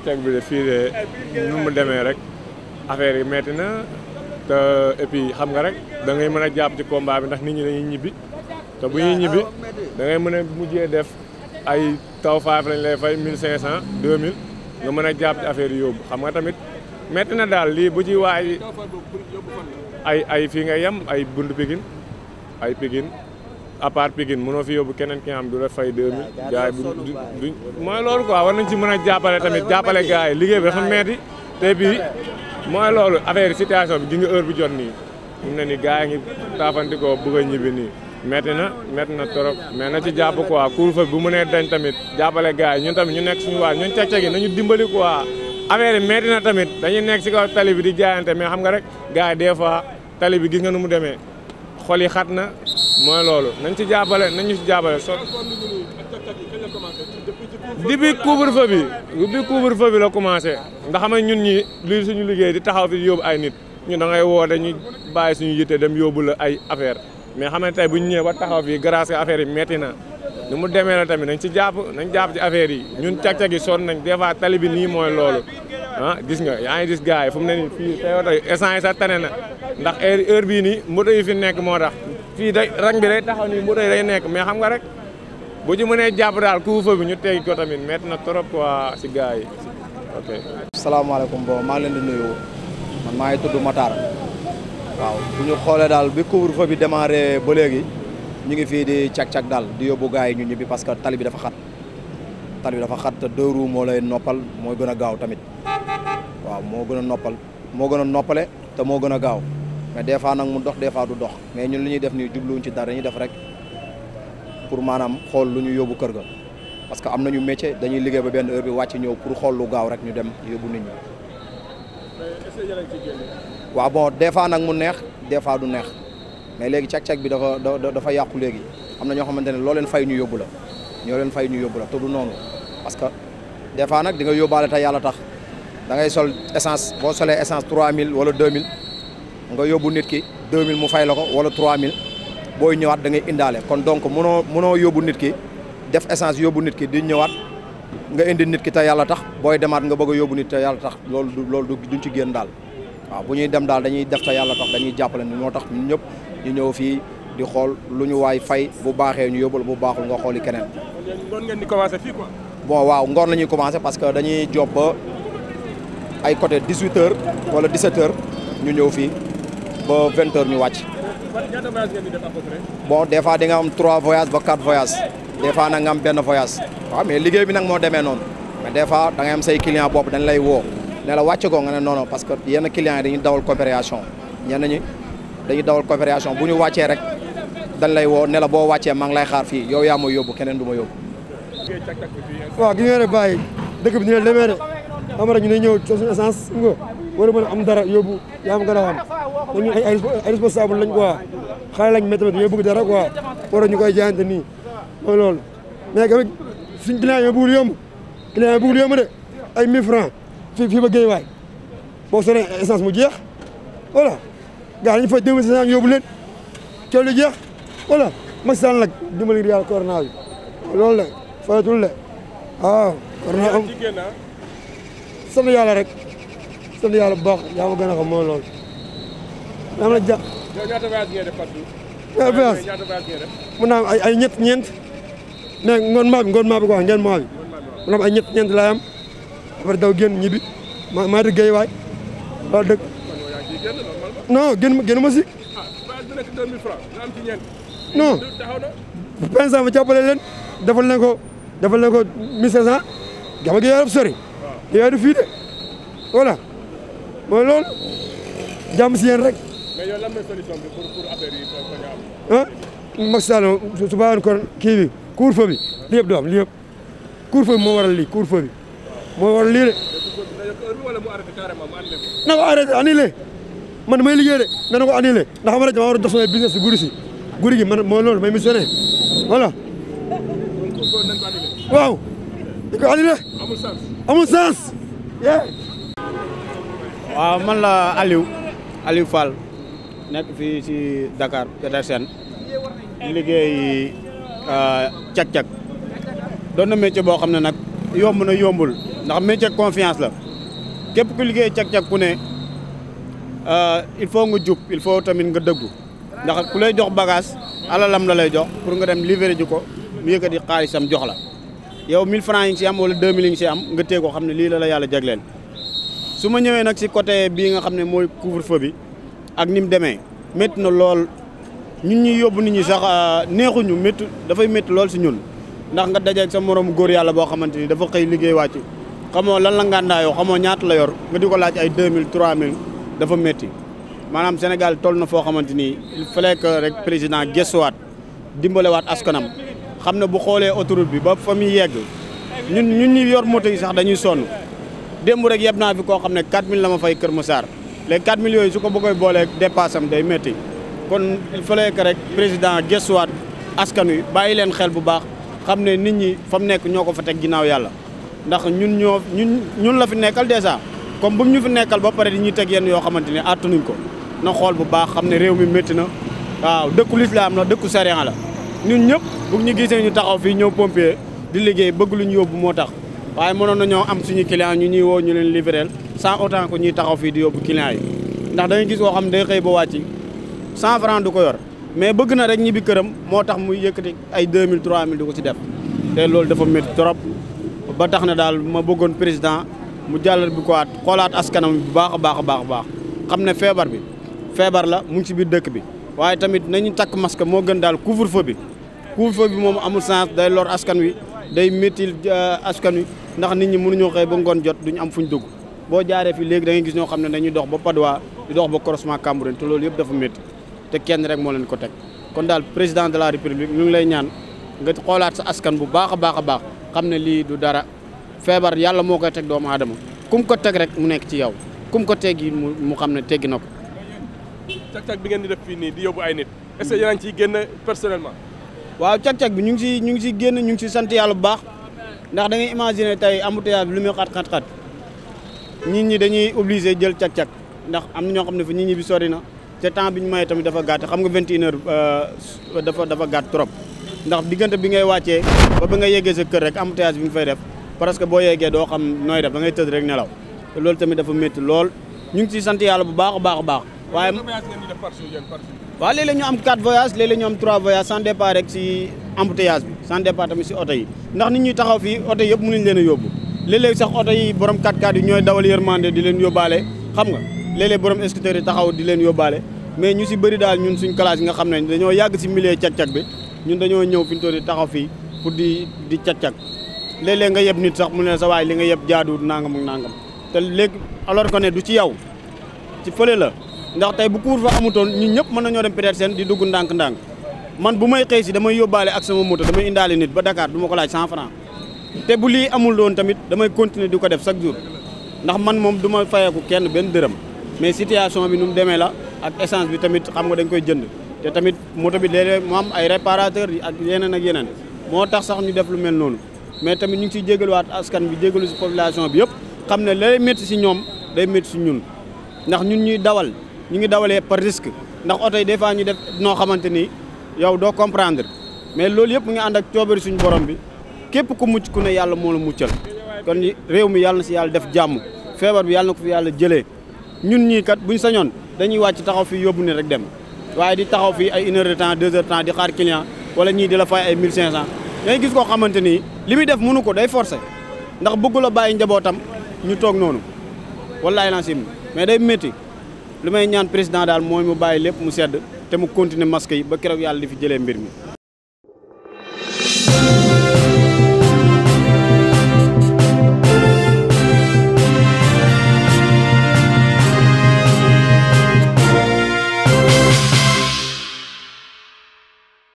cag bi de fii nu mu demee rek affaire yi metti na te et xam nga rek da ngay mën a jàpp ci combat bi ndax nit ñi dañuy ñibbi te bu ñuy ñibbi dangay mën a mujjee def ay taw faaf lañ lay fay 1500 2000 nga mën a jàpp ci affaire yóbbu xam nga tamit metti na daal lii bu ci waay ay fii nga yem ay buntu Pikine ay Pikine à part Pikine mënoo fi yóbbu keneen ki nga xam du la fay 2000 gars mooy loolu quoi war nañ ci mën a jàppale tamit jàppale gars liggéey bi dafa metti te bi mooy loolu affaire situation bi di nga heure bi jot nii mu na ni gars yi ngi taafantikoo bëgg a ñibbi nii metti na metti na trop mais na ci jàpp quoi couvre-feu bu mënee dañ tamit jàppale gars yi ñun tamit ñu nekk suñu waa ñun càcc gi nañu dimbali quoi affaire yi metti na tamit dañuy nekk si kaw tali bi di jaayante mais xam nga rek gars des fois tali bi gis nga nu mu demee xol yi xat na mooy loolu nañ ci jàppale nañ si ci jàppale so depuis couvre-feu bi depuis couvre-feu bi la commencé ndax xam ñun ñi li suñu liggéey di taxaw fi yóbbu ay nit ñu da ngay woo dañuy bàyyi suñu yitte dem yóbbu la ay affaire mais xam ne bu ñu ñëwee ba taxaw fii grâce que affaire yi metti na ni mu demee la tamit nañ ci jàpp nañ jàpp ci affaire yi ñun cag-cag yi nañ des fois tali bi nii mooy loolu ah gis nga yaa ngi gis gars yi fu mu ne nii fii tey sax tane na ndax heure heure bii nii moto yi fi nekk moo tax fii day rang bi day taxaw nii moto yi day nekk mais xam nga rek bu ci mënee jàpp daal couvre-feu bi ñu teg ko tamit métti na trop quoi si salaamaaleykum bon maa ngi leen maa ngi tudd Matar waaw ñu xoolee daal bi couvre-feu bi démarré ba léegi ñu ngi fii di cag-cag daal di yóbbu gaa yi ñu ñibbi parce que tali bi dafa xat tali bi dafa xat te deux roues moo lay noppal moo gën a gaaw tamit waaw moo gën a noppal moo gën a noppale te moo gën a gaaw. mais des fois nag mu dox des fois du dox mais ñun li ñuy def nii jubluwuñ ci dara ñu def rek pour maanaam xool lu ñu yóbbu kër ga parce que am ñu métier dañuy liggéey ba benn heure bi wàcce ñëw pour xool lu gaaw rek ñu dem yóbbu nit waaw bon des fois nag mu neex des fois du neex mais léegi càq bi dafa dafa yàqu léegi am na ñoo xamante ne loo leen fay ñu yóbbu la ñoo leen fay ñu yóbbu la te du noonu parce que des fois nag di nga yóbbaale te yàlla tax da ngay sol essence boo solee essence 3000 wala 2000. nga yóbbu nit ki 2000 mu fay la ko wala 3000 booy ñëwaat dangay ngay indaale kon donc mënoo mënoo yóbbu nit ki def essence yóbbu nit ki di ñëwaat nga indi nit ki te yàlla tax booy demaat nga bëgg yóbbu nit te yàlla tax loolu du loolu duñ ci génn daal waaw bu ñuy dem daal dañuy def te yàlla tax dañuy jàppale ni moo tax ñëpp ñu ñëw fii di xool lu ñu waay fay bu baaxee ñu yóbbul bu baaxul nga xooli keneen. ngoon di commencé fii quoi. bon waaw ngoon la ñuy commencé parce que dañuy job ba ay côté 18 heures wala 17 ñu ñëw fii. ba vingt heures ñu wàcc. bon des fois di nga am trois voyages ba quatre voyages des fois nag nga am benn voyage waaw mais liggéey bi nag moo demee noon mais des fois da ngay am say client bopp dañ lay woo ne la wàcce nga ne non parce que yenn clients yi dañuy dawal coopération ñenn ñi dañuy dawal coopération bu ñu wàccee rek dañ lay woo ne la boo wàccee maa ngi lay xaar fii yow yaa ma yóbbu keneen du ma yóbbu. waaw gi nga ne bàyyi dëkk bi ñu ne demee de xam ñu ne ñëw suñu essence nga. war a mën a am dara yóbbu yaa ma gën a xam ay responsable lañ quoi xale lañ métti ñoo bëgg dara quoi war ñu koy jaayante nii mooy loolu mais tamit suñ client yi bëggul yomb client de ay 1000 francs fii fii ba géej waay boo sonné mu jeex voilà gars yi ñu fay 2500 yóbbu leen coow li jeex voilà masaan nag dimbali ngir yàlla corona bi loolu la fayatul la waaw corona am ah. sant yàlla rek sant yàlla bu baax yaa ma gën a xam mooy loolu. yaa la jàpp. yow ñaata voyage ngeen def Fatou Diouf. mun naa ay ay ñett ñeent. mais ngoon maa bi ngoon maa bi ko wax ngeen maa bi. mun naa ay ñett ñeent laay am. ma maa dëgg géej waay loolu dëgg. non génn ma génn ma si. Ah, non. vingt cent ma jàppale leen defal leen ko defal leen ko mille cinq cent. gama gi yorob sori. mooy loolu jàmm si yéen rek. mais yow lan mooy solution bi kon kii bi couvre-feu bi li yëpp du moo waral lii couvre-feu moo waral lii na ko arrêté na ko annulé ndax man business si guddi si guddi may missionné voilà. waaw. di ko annulé amul waaw man la Aliou Aliou Fall nekk fi si Dakar Petersen liggéey euh, cag-cag doon na métier boo xam ne nag yomb na yombul ndax métier confiance la képp ku liggéey cag-cag ku ne euh, il faut nga jub il faut tamit nga dëggu ndax ku lay jox bagage alalam la lay jox pour nga dem livrer ji ko mu yëkkati xaalisam jox la yow 1000 francs yi nga ci am wala 2000 yi nga ci xam ne lii la la yàlla jagleel. su ma ñëwee nag si côté bii nga xam ne mooy couvre-feu bi ak ni mu demee métti na lool ñun ñuy yóbbu nit ñi sax euh, neexuñu métti dafay métti lool si ñun ndax nga dajeeg sa moroom góor yàlla boo xamante ni dafa xëy liggéey wàcc xamoo lan la ngàndaayoo xamoo ñaata la yor nga di ko laaj ay 2000 3000 dafa métti maanaam Sénégal toll na foo xamante ni il fallait que rek président gëstuwaat dimbalewaat askanam xam ne bu xoolee autoroute bi ba fa yegg ñun ñu ñu yor moto yi sax dañuy sonn. démb rek yeb naa fi koo xam ne 4000 la ma fay Kër Massar léegi 4000 yooyu su ko bëggee boolee dépassam day métti kon il fallait que rek président gëstuwaat askan wi bàyyi leen xel bu baax xam ne nit ñi fa mu nekk ñoo ko fa teg ginnaaw yàlla ndax ñun ñoo ñun ñun la fi nekkal dèjà comme bu ñu fi nekkal ba pare di ñuy teg yenn yoo xamante ne àttanuñ ko na xool bu baax xam ne réew mi metti na waaw dëkku lislaam la dëkku sariya la ñun ñëpp bu ñu gisee ñu taxaw fii ñëw pompier di liggéey bëgg lu ñu yóbbu moo tax waaye mënoon nañoo am suñu client ñu ñuy woo ñu leen livreel sans autant que ñuy taxaw fii di yóbbu client yi ndax da gis koo xam day xëy ba wàcc cent franc du ko yor mais bëgg na rek ñibbi këram moo tax muy yëkkati ay deux mille trois mille du ko ci def te loolu dafa métti trop ba tax na daal ma bëggoon président mu jàllal bi ko at xoolaat askanam bu baax a baax a baax a baax xam ne feebar bi feebar la mu ngi si biir dëkk bi waaye tamit nañu takk masque moo gën daal couvre bi couvre bi moom amul sens day lor askan wi day métti euh, askan wi ndax nit ñi mënuñoo xëy ba ngoon jot duñu am fu ñu dugg boo jaaree fi léegi da gis ñoo xam ne dañuy dox ba Padois di dox ba croisement Cambérène te loolu yëpp dafa métti te kenn rek moo leen ko teg kon daal président de la république ñu ngi lay ñaan nga xoolaat sa askan bu baax a baax a baax xam ne lii du dara feebar yàlla moo koy teg doomu aadama kum ko teg rek mu nekk ci yow kum ko teg yi mu xam ne teggi na ko. càq-càq bi ngeen di def fii nii di yóbbu ay nit. est-ce ngi ciy génn personnellement. waaw cag-cag bi ñu ngi si ñu ngi si génn ñu ngi si sant yàlla bu baax ndax da ngay imaginer tey embouteillage bi lu muy xat-xat-xat nit ñi dañuy obligé jël cag-cag ndax am na ñoo xam ne fa nit ñi bi sori na te temps bi ñu maye tamit dafa gàtt xam nga vingt et une heures euh, dafa dafa trop ndax diggante bi ngay wàccee ba ba nga yeggee sa kër rek embouteillage bi nga fay def parce que boo yeggee doo xam nooy def ba ngay tëdd rek nelaw te loolu tamit dafa métti lool ñu ngi ciy sant yàlla bu baax a baax a baax waaye waaw léeg ñu am 4 voyages léeg-léeg ñu am 3 voyages sans départ rek si embouteillage bi sans départ tamit si oto yi ndax ni ñuy taxaw fii oto yëpp mënuñ leen a yóbbu léeg-léeg sax oto yi borom 4x4 yi ñooy dawal yërmande di leen yóbbaale xam nga léeg-léeg borom scooter yi taxaw di leen yóbbaale mais ñu si bëri daal ñun suñ classe yi nga xam ne dañoo yàgg si milieu cag-cag bi ñun dañoo ñëw fi ñu toll taxaw fii pour di di cag-cag nga yeb nit sax mu ne sa waay li nga yeb jaaduwut nangam ak nangam te léegi alors du ci yow ci fële la ndax tey bu couvre-feu amutoon ñun ñëpp mën nañoo dem Petersen di dugg ndànk-ndànk man bu may xëy si damay yóbbaale ak sama moto damay indaale nit ba Dakar du ma ko laaj cent te bu lii amul doon tamit damay continuer di ko def chaque jour ndax man moom du ma fayeeku kenn benn dërëm mais situation bi nu demee la ak essence bi tamit xam nga dañ koy jënd te tamit moto bi léeg-léeg mu am ay réparateur yi ak yeneen ak yeneen moo tax sax ñu def lu mel mais tamit ñu ngi ciy jégaluwaat askan bi jégalu si population bi yëpp xam ne lay métti si ñoom day métti si ñun ndax ñun ñuy dawal ñu ngi dawalee par risque ndax oto yi des fois ñu def noo xamante ni yow doo comprendre mais loolu yëpp mu ngi ànd ak coobari suñu borom bi képp ku mucc ku ne yàlla moo la muccal kon réew mi yàlla na si yàlla def jàmm feebar bi yàlla na ko fi yàlla jëlee ñun ñii kat bu ñu sañoon dañuy wàcc taxaw fii yóbbu ne rek dem waaye di taxaw fii ay une heure de temps deux heures di xaar client wala ñii di la fay ay mille cinq cent ngay gis koo xamante ni li muy def mënu ko day forcé ndax bëggu la bàyyi njabootam ñu toog noonu lu may ñaan président daal mooy mu bàyyi lépp mu sedd te mu continuer masque yi ba keroog yàlla di fi jëlee mbir mi